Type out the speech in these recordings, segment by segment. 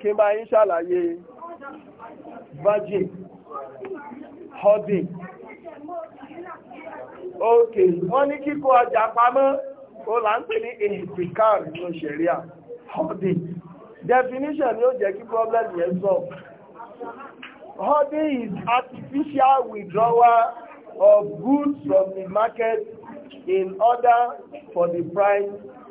kí máa yí ṣàlàyé virgin holding ok wọ́n ní kíkó ọjà pamọ́ ó là ń pè ní ìpìkàr nínú ṣẹ̀ríà holding definition ni ó jẹ́ kí problem yẹn sọ holding is artificial withdrawal of goods from the market in order for the price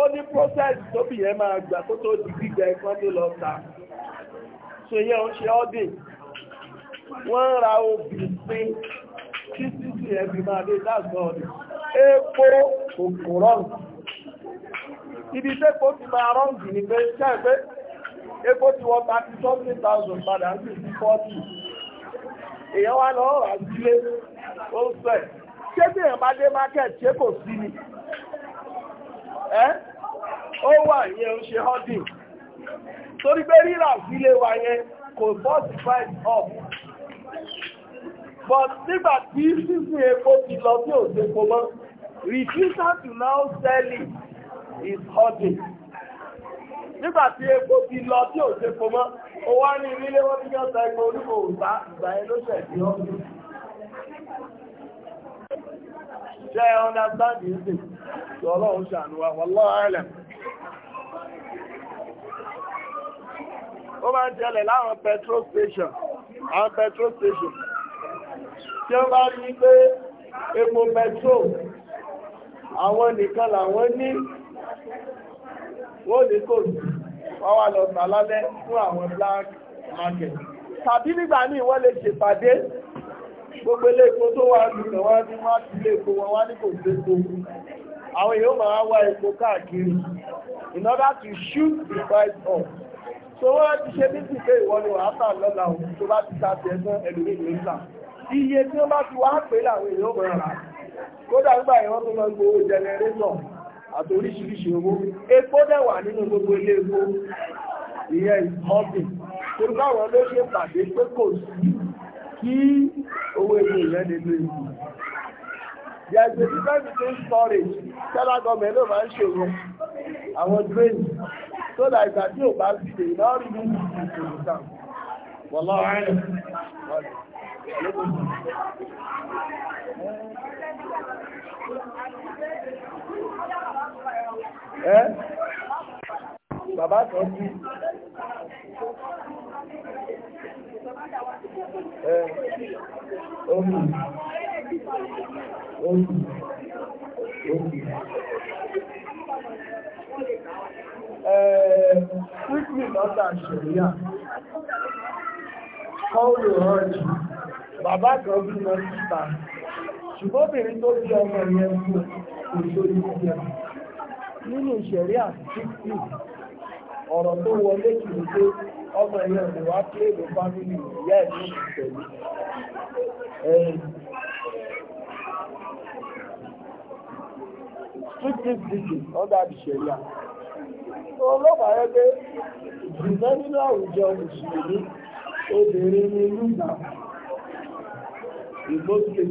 ó ní process tóbi yẹn máa gbà kó tó di gbígbà ẹ̀kan tó lọ ta so yẹn ń ṣe ọ́dìn wọ́n ń ra obì pín tí títí ẹbí máa dé dáàgbọ́ ọ̀dẹ̀ epo kòkò rọ́ǹgì ibi tẹ́kọ̀ọ́ ti máa rọ́ǹgì ní pé ṣẹ́ẹ̀fẹ́ epo ti wọ́n thirty something thousand padà ń sì forty èèyàn wá lọ rà sílé ó ń sọ ẹ̀ ṣé bí èèyàn bá dé market ṣé kò sí ni ẹ́ ó wà yẹn ń ṣe holding torí pé rírà sílé wa yẹn kò bọ́ sí up but nígbà tí sísun epo ti lọ sí òṣèpo mọ́ refusal to now sell it is holding nígbà tí epo ti lọ tí ò ṣe fomọ́ o wá ní ilé wọ́n ti yọ́ta epo onígbò òǹtà ìgbà ẹ ló ṣẹ̀dí ọ́ ṣe understand yìí sí ọlọ́run ṣàánú wa wọ́n lọ́ọ́ ó máa ń jẹlẹ̀ láwọn petrol station àwọn petrol station tí ó bá rí pé epo petrol àwọn nìkan làwọn ní wọ́n ní kò sí wọ́n wá lọ tà lálẹ́ fún àwọn black market tàbí nígbà ní wọ́n lè ṣèpàdé gbogbo ilé epo tó wà nìkan wá ní wọ́n ti lé epo wọn wá ní kò sí epo àwọn èèyàn máa wá epo káàkiri in order to shoot the price up tó wọ́n ti ṣe ní ti pé ìwọ ni wàá tà lọ́la òun tó bá ti ta ti ẹ̀sán ẹ̀lùmí ìlú ńlá iye tí wọ́n bá ti wá pé láwọn èèyàn mọ̀ rà kódà nígbà ìwọ́n tó lọ gbowó jẹnẹrétọ̀ àti oríṣiríṣi owó epo dẹ̀ wà nínú gbogbo ilé epo ìyẹn ìkọ́bìn torí báwọn ló ṣe pàdé pé kò sí kí owó epo ìyẹn lè lo èyí There is a difference between storage, Federal government ló máa ń ṣòro, àwọn drain tó dà ìgbà tí ò bá sí èyí náà rí ní ìgbà wọ́lọ́ ẹ́ bàbá kan sí ẹ́ omi omi bùkátà ṣẹ̀ríà kọ́ọ̀lù ọ̀rọ̀jì bàbá kan bí wọ́n ti ta ṣùgbọ́n obìnrin tó bí ọmọ yẹn fún kò tó ní ìjẹ nínú ìṣẹ̀ríà títí ọ̀rọ̀ tó wọlé kìí pé ọmọ yẹn kò wá pé èrò fámìlì ìyá ẹ̀ ní ìṣẹ̀lú strictly speaking under the Sharia olóòfà rẹ̀ pé ìgbẹ́ nínú àwùjọ mùsùlùmí obìnrin ni lùgbà ìgbókè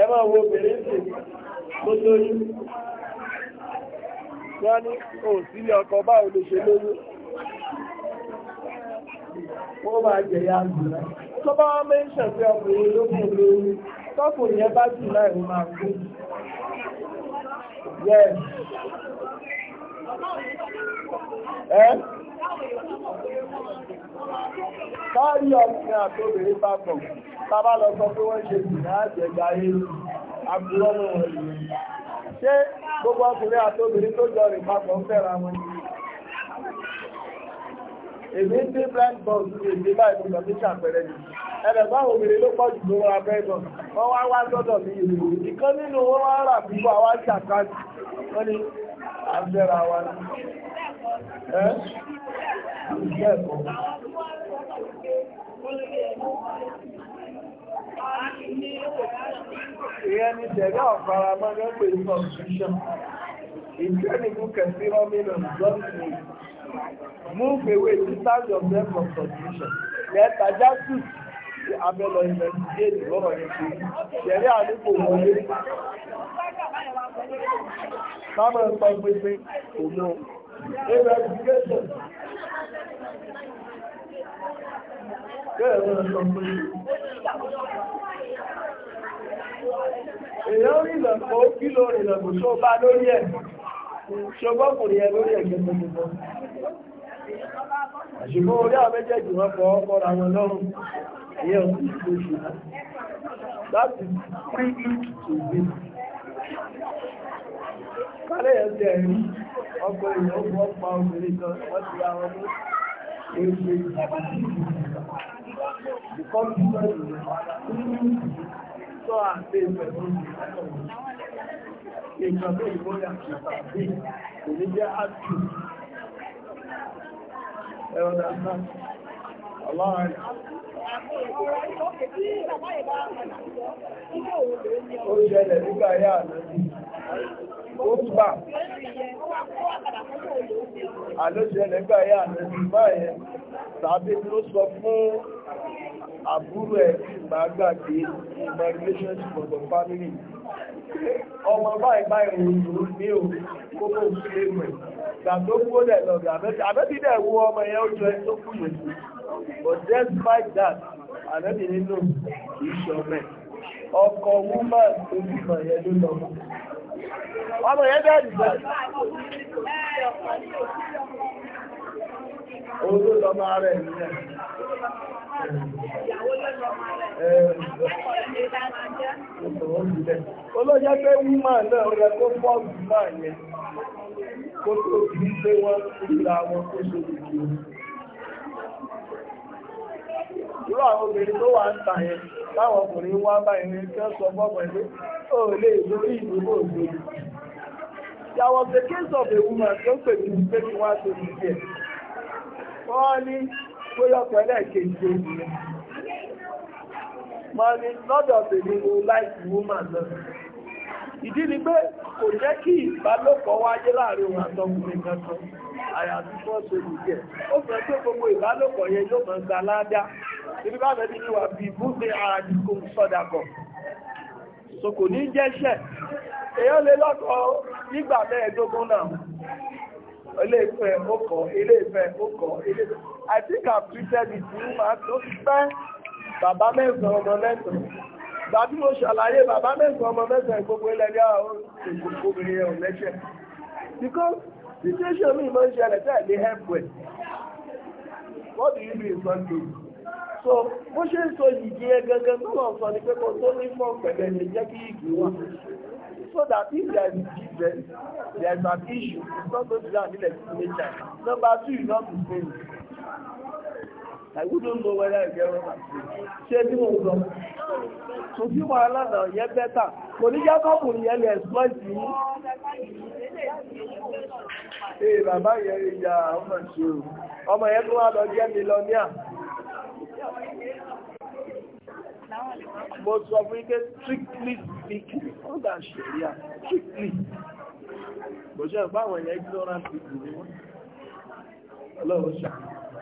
ẹ máa wo obìnrin sí tó lóyún wọ́n ní òsílé ọkọ báwo lè ṣe lóyún wọ́n máa jẹ̀yà jùlọ tó bá wọ́n mẹ́ ṣẹ̀fẹ́ ọkùnrin lókùn lórí tọ́kùnrin ẹ bá jùlọ ìrìn máa kú ẹ́ káàrí ọ̀sìn àtòbìnrin bá bọ̀ tábà lọ sọ pé wọ́n ṣe ìrìn àjẹgbà yìí àbúrọ́mù wọn ṣé gbogbo ọkùnrin àtòbìnrin tó jọ rìn papọ̀ fẹ́ra wọn èmi ń dé blind box ní èdè báyìí lọ ní ni ẹ̀rẹ̀ ló pọ̀ jù ló wọ́n wá wá mi ìkan nínú wá àbẹ́ra wa ní ẹ́ ìgbẹ́ẹ̀kọ́ ìyẹn ni tẹ̀lé ọ̀fara mọ́gán pè ní constitution ìkẹ́nìkú kẹsí rọ́mìnà lọ́sìn move away to stand your self from constitution lẹ́ta justice abẹ́lọ investigate lọ́rọ̀ yẹn kiri tẹ̀lé àdúgbò wọlé káàmọ̀ sọ gbogbo òmò ẹgbẹ́ ẹgbẹ́sọ̀ kẹ́ẹ̀rọ sọ pé èyàn rí ìlànkọ́ kí ló rí ìlànkọ́ tó bá lórí ẹ̀ ṣọgbọ́n kò rí ẹ lórí ẹ̀gẹ́ gbogbo ṣùgbọ́n orí àmẹ́jẹ̀jì wọn kọ́ ọkọ̀ra wọn lọ́rùn ìyẹn òkú ìgbésùn láti prí ìtù ìgbésùn kálẹ̀ yẹn tẹ̀ rí ọkọ̀ èèyàn ó bọ́ obìnrin kan wọ́n ti ra wọn èdè ìkọ́bí sọ àti ìfẹ̀mú ìjọ tó ìbò yàtọ̀ tàbí òtúbà àlóṣe ẹlẹ́gbà yà àtẹ̀sùnmá ẹ̀ tàbí ló sọ fún àbúrò ẹ̀ ìgbàgbàgbé immigration for the family ọmọ báyìí báyìí òyìnbó ní o kókó òṣèré rẹ̀ gbàgbó kó dẹ̀ lọ àbẹ́bí dẹ̀ wo ọmọ yẹn ó jọ ẹ tó kú yẹn but despite that àbẹ́bí nínú ìṣọ̀mẹ̀ ọkọ̀ woman tó bímọ yẹn ló lọ mọ́. ọmọ yẹn bẹ́ẹ̀ nìgbà. Olú lọ́mọ ara ẹ̀ nílẹ̀. Olóyẹ pé wúmà náà rẹ kó fọ́ọ̀gù máa yẹn kó tó bí pé wọ́n kúra wọn kó sókè kí irú àwọn obìnrin tó wà ń ta yẹn láwọn ọkùnrin wá bá irin tí ó sọ fọ́mọ ẹgbẹ́ ó lè lórí ìdúró òṣèlú a case of a woman tó pè mí ní pé kí wọ́n ṣe ní díẹ̀ wọ́n ní bóyá ẹlẹ́ẹ̀kejì lọ́dọ̀ tèmi mo woman ìdí ni pé kò jẹ́ kí ìbálòpọ̀ wáyé láàrin òun àtọkùnrin kankan àyàtí fún ọ̀sẹ̀ ìgbẹ́ ó fẹ́ pé gbogbo ìbálòpọ̀ yẹn yóò máa gba ládá ibi bá bẹ̀bí ní wà bí búgbé ara ní kò sọ́dàkọ̀ so kò ní jẹ́ṣẹ̀ èyàn lè lọ́kọ nígbà mẹ́ẹ̀ẹ́dógún náà ilé ìfẹ́ ókọ̀ ilé ìfẹ́ ókọ̀ ilé ìfẹ́ I think I'm treated it you ma tó pẹ́ bàbá mẹ́sàn-án ọmọ mẹ́sàn-án Bàbí mo ṣàlàyé bàbá mẹ́sàn ọmọ mẹ́sàn gbogbo ilẹ̀ ní àwọn obìnrin ẹ̀ lẹ́ṣẹ̀. Because situation mi máa ń ṣẹlẹ̀ tẹ́ lè help well. What do you do in Sunday? So bó ṣe ń sọ yìí ẹ gangan tó lọ sọ ni pé kò tó ní fọ́n pẹ̀lẹ́ lè jẹ́ kí ìgbì wà. So that if there is difference, there is an issue, it's not going to be an elected nature. Number two, you not to say I wouldn't know whether I get one. Ṣé tí mo sọ? Kò sí wàhálà náà yẹ bẹ́tà. Kò ní Jákọ́bù yẹn lè exploit yìí. Ee bàbá yẹn rí ya ọmọ ṣe o. Ọmọ yẹn tó wá lọ jẹ́ mi lọ ní à. Mo sọ strictly speaking, wọ́n dà ṣe rí à, strictly. Bọ̀ṣẹ́ ìpáwọn yẹn ignorant Ọlọ́run ṣàkóso.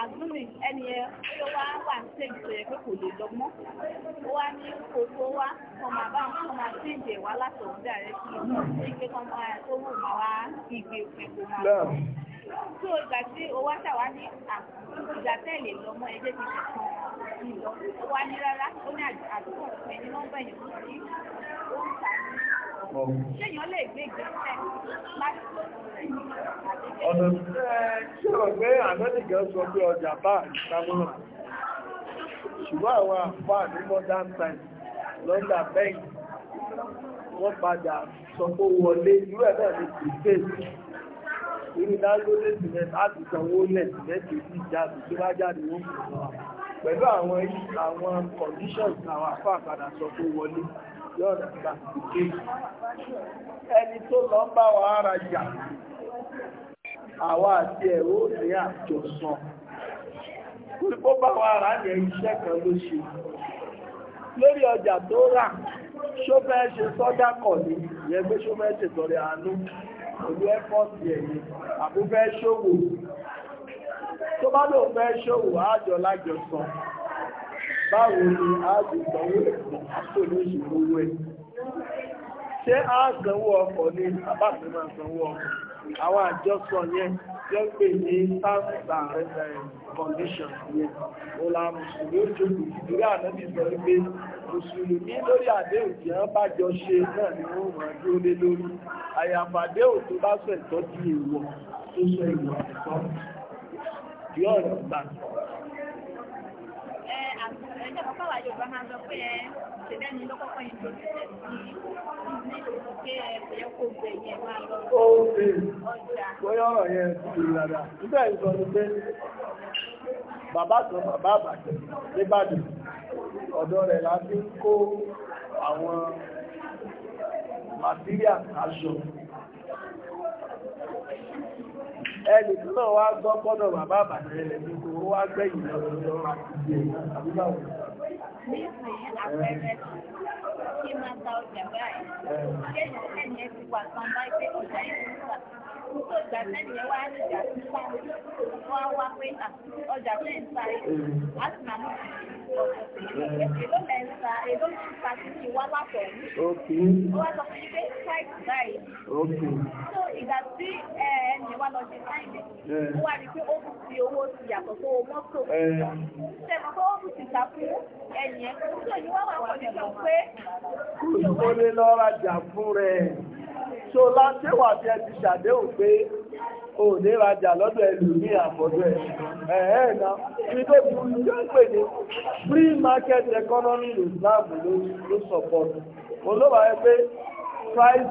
azumi eh, ẹni ẹ ó wá wà ní ṣèjì tó yẹ pé kò lè lọ mọ́ ó wá ní kò tó wá kọ́ máa bá wọn kọ́ máa ṣe ìjẹ wá látọ̀ ọ̀dà rẹ sí i pé kọ́ máa tó wù máa wá ìgbé pẹ̀lú máa lọ. tó ìgbà tí ó wá ṣàwá ní ìgbà tẹ́lẹ̀ lọ́mọ ẹgbẹ́ ti kẹ̀kọ́ ìlọ ó wá ní rárá ó ní àdúgbò pẹ̀lú nọ́mbà ìyẹn ó ń ta ní Ṣéyàn lè gbé ìgbésẹ̀ láti tó ọ̀nà tí ó gbé àmẹ́lìgẹ́ sọ pé ọjà bá ìsàmúnà. Ṣùgbọ́n àwọn àpá ní modern time lọ́dà bẹ́yìn wọ́n padà sọ pé wọlé irú ẹ̀ náà ní kìí ìrìnlẹ́gbẹ̀lẹ́ ìsìnlẹ̀ láti sanwó lẹ̀ lẹ́tẹ̀ẹ́ sí ìjáde tí bá jáde wọ́n pẹ̀lú àwọn conditions àwọn àfáà padà sọ pé wọlé yóò dàgbà ẹni tó lọ ń bá wa ara yà àwa àti ẹ̀rọ ní àjọsọ kúrìkó bá wa ara ní iṣẹ́ kan ló ṣe lórí ọjà tó rà ṣó fẹ́ ṣe sọ́jà kọ̀ ní ìyẹn pé ṣó fẹ́ ṣe tọrẹ àánú pẹ̀lú ẹ́fọ́ọ̀tì ẹ̀yìn àbúfẹ́ ṣòwò tó bá lóun fẹ́ ṣòwò àjọ lájọsọ báwo ni a ti sanwó ẹ̀sùn àpò ní ìṣòro owó ẹ̀ ṣé a sanwó ọkọ̀ ni bàbá mi máa sanwó ọkọ̀ àwọn àjọsọ yẹn tí ó ń pè ní terms and conditions yẹn ó la mùsùlùmí ó jókòó ìdúró ànábì sọ wípé mùsùlùmí lórí àdéhùn tí wọ́n bá jọ ṣe náà ni wọ́n máa dúró lé lórí àyàfà àdéhùn tó bá sọ ìtọ́jú èèwọ̀ tó sọ ìwà ẹ̀tọ́ yóò rẹ̀ gbà ẹjọ́ kọ́kọ́ ọ̀rọ̀ yẹn ti rí rárá nígbà ìsọ ni pé bàbá kan bàbá àbàjẹ́ nígbàdàn ọ̀dọ̀ rẹ̀ la fi ń kó àwọn màtíríà aṣọ ẹnì náà wá gbọ́ gbọ́dọ̀ bàbá bàbá rẹ̀ nígbò ó ọjà báyìí, kéèyàn ẹni ẹ ti wà kan báyìí pé ń wà. Tó ìgbà ń bá wọn ń ta wá látọ̀ yìí. Ó wá sọ fún mi pé lọ ṣe táìmì ó wà ní pé ó kù sí owó ti yàtọ̀ tó mọ́tò ṣẹ̀mọ̀ tó ó kù sí ìtàkùn ẹ̀yìn tó ní wá wà wọ́n nílò pé. kó lè lọ rajà fún rẹ̀ so láti wà bí ẹ ti ṣàdéhùn pé o ní rajà lọ́dọ̀ ẹlù ní àbọ̀dọ̀ ẹ̀ ẹ̀ẹ́ na ibi tó bu ìjọ pè ní free market economy Islam ló sọ̀pọ̀ olóòwà ẹgbẹ́ price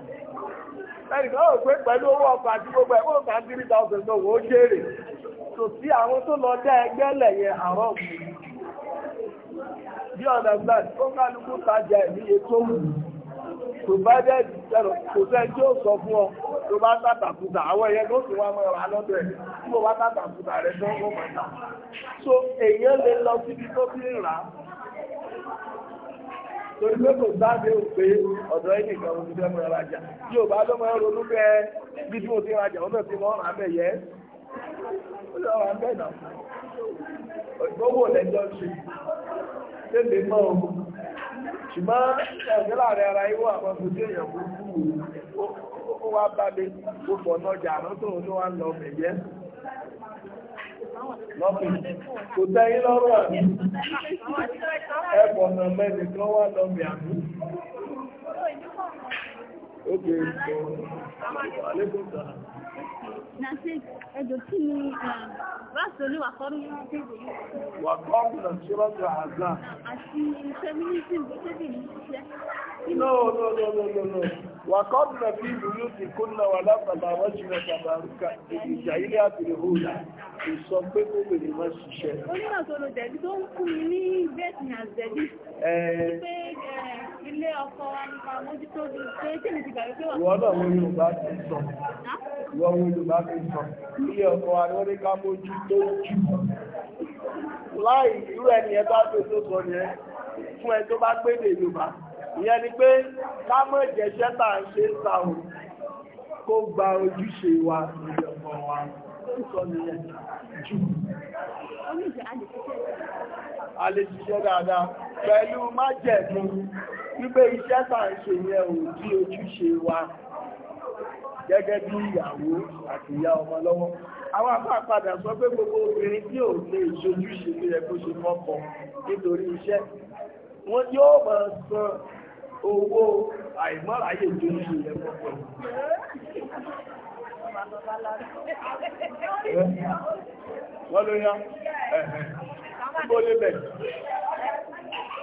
e ó pé pẹ̀lú owó gbogbo o àwọn tó lọ dá ẹgbẹ́ lẹ̀ yẹn bí ọ̀nà black ó kálukú tajà ìníye tó wù provided ẹ̀rọ kò sẹ́ tí ó sọ fún ọ tó bá tàtàkùtà àwọn ẹ̀yẹ tó sì mọ́ so torí pé kò sáàdé ò pé ọ̀dọ̀ ẹni kan mo ti fẹ́ mọ́ra rajà tí ò bá ló máa ń ronú pé bí tí mo ti rajà ó náà ti mọ́ ọ̀rọ̀ abẹ́ yẹ ó lọ ọ̀rọ̀ abẹ́ náà ìgbówó lẹ́jọ́ ṣe léde mọ́ o ṣùgbọ́n ẹ̀gbẹ́ láàrin ara ìwọ àwọn ọmọ tí èèyàn kúrú ó wá bá mi ó pọ̀ náà jà àná tó ń lọ ọmọ lọ́pìn kò tẹ́yìn lọ́rọ̀ àmì ẹ̀pọ̀ nà mẹ́rin kan wà lọ́bì àmì ókè ìṣòro àlékún sáà. Nàṣẹ́ ẹjọ́ tí ni um, Torí wà kọ́ ní wà kọ́ ọ̀gbìnà tí wọ́n ti àzá. Àti feminism tó tẹ́bì ní ṣiṣẹ́. No, no, no, no, no, no. Wà kọ́ ọ̀gbìnà bí ìbúrú ti kó náà wà lápàdà wọ́n ti rẹ̀ bàbá rúkà ìjà ilé àbìrì ilé ọkọ wa nípa mójútó bí pé tí mi ti gbàgbé wà. ìwọ náà wo Yorùbá ti sọ ìwọ wo Yorùbá ti sọ ilé ọkọ wa ni wọ́n ní ká mójútó jù láì irú ẹni ẹ bá gbé tó sọ yẹn fún ẹ tó bá gbé lè Yorùbá ìyẹn ni pé ká mọ̀ ìjẹ́ṣẹ́ tá ń ṣe ń ta o kó gba ojúṣe wa ilé ọkọ wa sọ nìyẹn jù dáadáa pẹ̀lú májẹ̀mú wípé iṣẹ́ tà ń ṣe yẹn ò dí ojúṣe wa gẹ́gẹ́ bí ìyàwó àti ìyá ọmọ lọ́wọ́. Àwọn apá padà sọ pé gbogbo obìnrin tí ò lè ṣojúṣe tó yẹ kó ṣe fọ́kọ nítorí iṣẹ́. Wọ́n yóò máa san owó àìmọ́ráyè ojúṣe yẹ fọ́kọ. Wọ́n ló yá. Ẹ̀hẹ̀.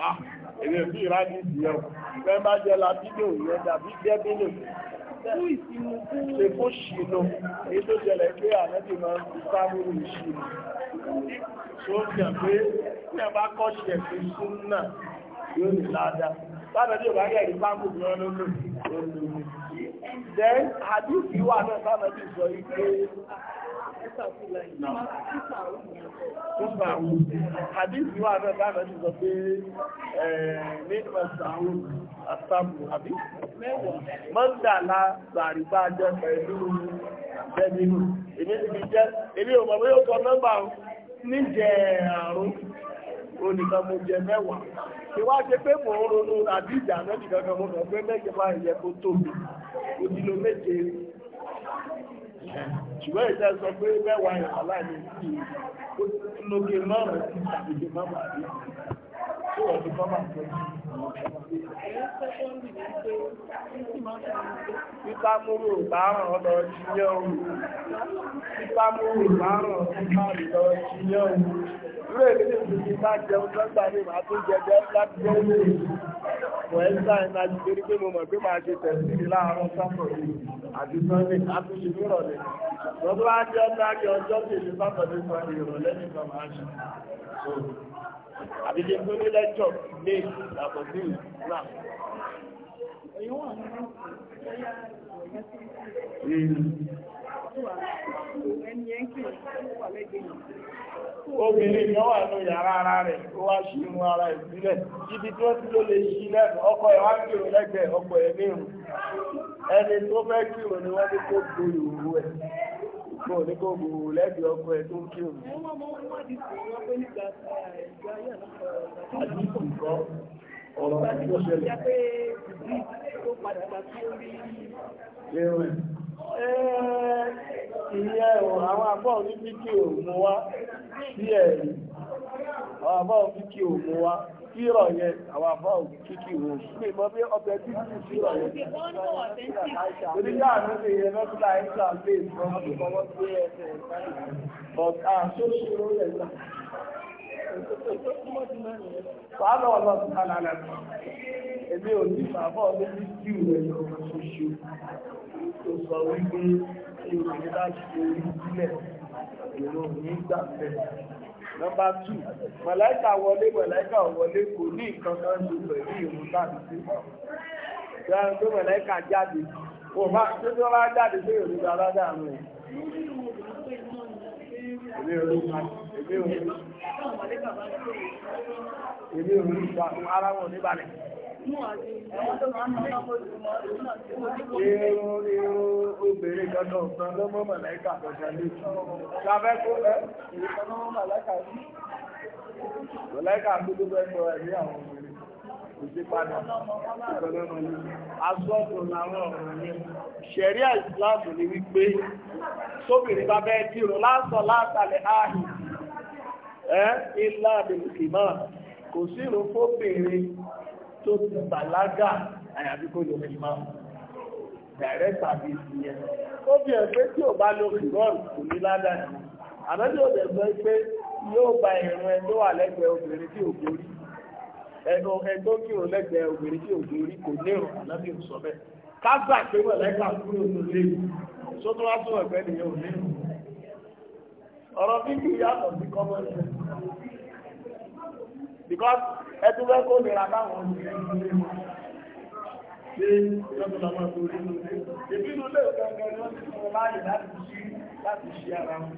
Ah, Èrè bí ìrádi ìdíyẹ o, bẹ́ẹ̀ bá jẹ́ làbídò ìyẹn tàbí gẹ́bílò. Fún ìsinmi fún ìlú. Ṣé fún ṣìlò, èyí tó jẹlẹ̀ pé ànẹ́bì máa ń fi sáàmúrù ìṣìlò. Ṣé ó jẹ pé ẹ bá kọ́ ṣẹ̀ fi súnnà yóò ní ládàá sáàmẹ́bí ò bá rẹ̀rí pápù ní ọlọ́lọ́ then àdúgbì wà náà sáàmẹ́bí sọ ike àdúgbì wà náà sáàmẹ́bí sọ pé nígbàtà àwọn àtàbù àbí mọ́ndàlá sàrìbá jẹ́ pẹ̀lú jẹ́bínú èmi ti fi jẹ́ èmi ò mọ̀ pé ó sọ nọ́mbà níjẹ̀ àrùn onìkan mo jẹ mẹ́wàá tí wá ṣe pé mò ń ronú àbí ìjà náà nìkan kan mo kàn pé méje máa yẹ kó tóbi òdìlò méje ṣùgbọ́n ìjà sọ pé mẹ́wàá ìwà láàyè sí i ó lóge márùn-ún sí àbíjẹ márùn-ún àbí tó wọ́n ti mọ́mà tó Ìpamúrò ìbáràn ọ̀dọ̀ ìṣìyẹ́ ohun. Ìpamúrò ìbáràn ọ̀dọ̀ ìṣìyẹ́ ohun. Irú èdè ní ìsinmi bá jẹun lọ́gbà ní màá tún jẹjẹ láti jẹ́ ní ìwọ̀n ẹ́sà iná ju torí pé mo mọ̀ pé máa ṣe tẹ̀sí ní láàárọ̀ sátọ̀dé àti sọ́ndé àtúnṣe nírọ̀lẹ́. Wọ́n tó bá jẹ́ láti ọjọ́ kejì sátọ̀dé sọ́ndé ìrọ̀lẹ́ nìkan máa ṣe. Àbíkí tó ní obìnrin kan wà ní yàrá ara rẹ̀ ó wá ṣe irun ara ìbílẹ̀ ibi tí ti ló lè ṣí lẹ́nu ọkọ ẹ̀ wá kírò lẹ́gbẹ̀ẹ́ ọkọ ẹ̀ ní ẹni tó fẹ́ kírò ni wọ́n ní kó bo ìhòòhò ẹ̀ kó ní kó ìhòòhò ẹ̀ tó ń kírò. Eh, àdìsí ọ̀rọ̀ ṣẹlẹ̀. àwọn àbọ̀ ní fíkì òmù wá sí ẹ̀rí àwọn àbọ̀ fíkì òmù wá sírọ̀ yẹn àwọn àbọ̀ fíkì òmù pé mọ́ bí ọbẹ̀ tí kì í sírọ̀ yẹn. oníyà mi lè yẹ lọ́dúnlá ẹ̀ka lè sọ ọ́ Fàálà ọ̀lọ́ ti ká lálẹ́ mi. Èmi ò ní bàbá ọdún ní kí ìwé ìrọ̀rùn ṣoṣo. Tó sọ wípé kí o lè láti ṣe orí sílẹ̀. Èrò ní ìgbà bẹ́ẹ̀. Nọ́mbà tù, mọ̀láìkà wọlé mọ̀láìkà wọlé kò ní nǹkan kan ṣe pẹ̀lú ìrùn tàbí sí. Ìjọba tó mọ̀láìkà jáde, kò bá tó tó bá jáde sí ìrùn dáadáa rẹ̀. Ilé orí máa Èmi ò rí ìgbà ara wọn ní balẹ̀. Irun irun obìnrin kan náà san lọ́mọ màláìkà kọjá létí. Lábẹ́ kó ẹ́ ìrìkan lọ́mọ màláìkà sí. Màláìkà gbogbo bẹ́ẹ̀ sọ ẹ̀mí àwọn obìnrin. Kò sí padà. Asọ́tún làwọn ọ̀rọ̀ yẹn. Ṣẹ̀rí àìsíláàmù ni wípé sóbìnrin bá bẹ́ẹ̀ dìrò lásán látàlẹ̀ áàhìn ẹ́ ilá àbẹ̀lùkìmá kò sí ìrọ̀fóbìnrin tó ti bàlágà àyàbí kó lòkìmá bẹ̀rẹ̀ tàbí ìyẹn ó bí ẹ̀ pé tí ò bá lòkìmá kò ní ládàá àmọ́jọ́ òdẹ̀ sọ pé yóò ba ìrún ẹ tó wà lẹ́gbẹ̀ẹ́ obìnrin tí ò borí ẹnu ẹgbẹ́ kírun lẹ́gbẹ̀ẹ́ obìnrin tí ò borí kò nírun àlábì ò sọ bẹ́ẹ̀ ká gbà pé wọ́n lẹ́ka kúrò tó léwu sótó wá tó ẹ̀gbẹ́ nìyẹn ò nírun ọ̀rọ̀ bíbí yàtọ̀ sí kọ́mọ́nì because ẹtù fẹ́ kó nira báwọn ìbínú lè gbẹ̀gbẹ̀ lọ́nà láàyè láti ṣí ara wọn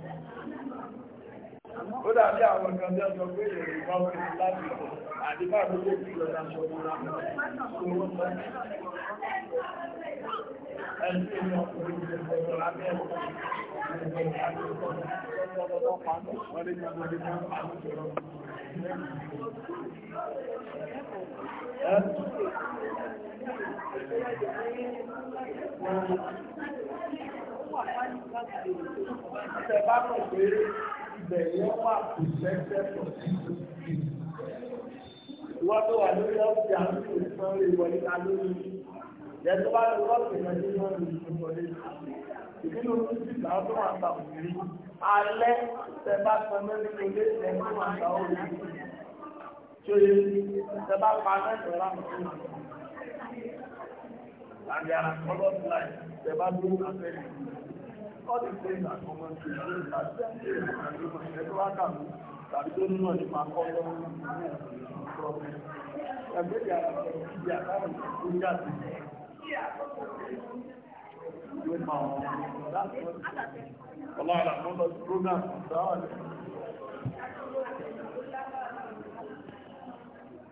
ó dàbí àwọn kan jẹ́ sọ pé èrè bá wọ́n ti láti ọ̀ àdìbà tó lè fi lọ dáṣọ wọn láti owó sọ ẹni tí ó ọkùnrin ti sọ̀rọ̀ lábẹ́ ẹ̀kọ́ Thank you. Ìjọba pẹ̀lú ibẹ̀ yẹn wà kò lẹ́sẹ̀ pọ̀ sí i. Ìwọ́ tó wà lórí ọ̀sẹ̀ àwọn ìwé ìwé ìwọlé ta lórí. Yẹ tó bá lọ lọ́sẹ̀ yẹn ní wọ́n lè fi wọlé. Ìdílé orí ti gbà tó wà ta òkèèrè. Alẹ́ tẹ bá san mọ́ nínú ilé ẹ̀ tó wà ta òkèèrè. Tó yẹ tẹ bá pa mẹ́tọ̀ láwọn tó wà. Àgbẹ̀ àkọlọ́ ti láì tẹ bá dúró kásẹ̀ yìí all the things are common to you that ẹgbẹ́ wa kà mí tàbí tó nínú ọ̀nì máa kọ́ lọ́wọ́ ẹgbẹ́ yàrá ìdí àtàwọn ìlú jáde ìwé máa wọn láti ọlọ́run àwọn ọlọ́run program ìdáwà lẹ́yìn.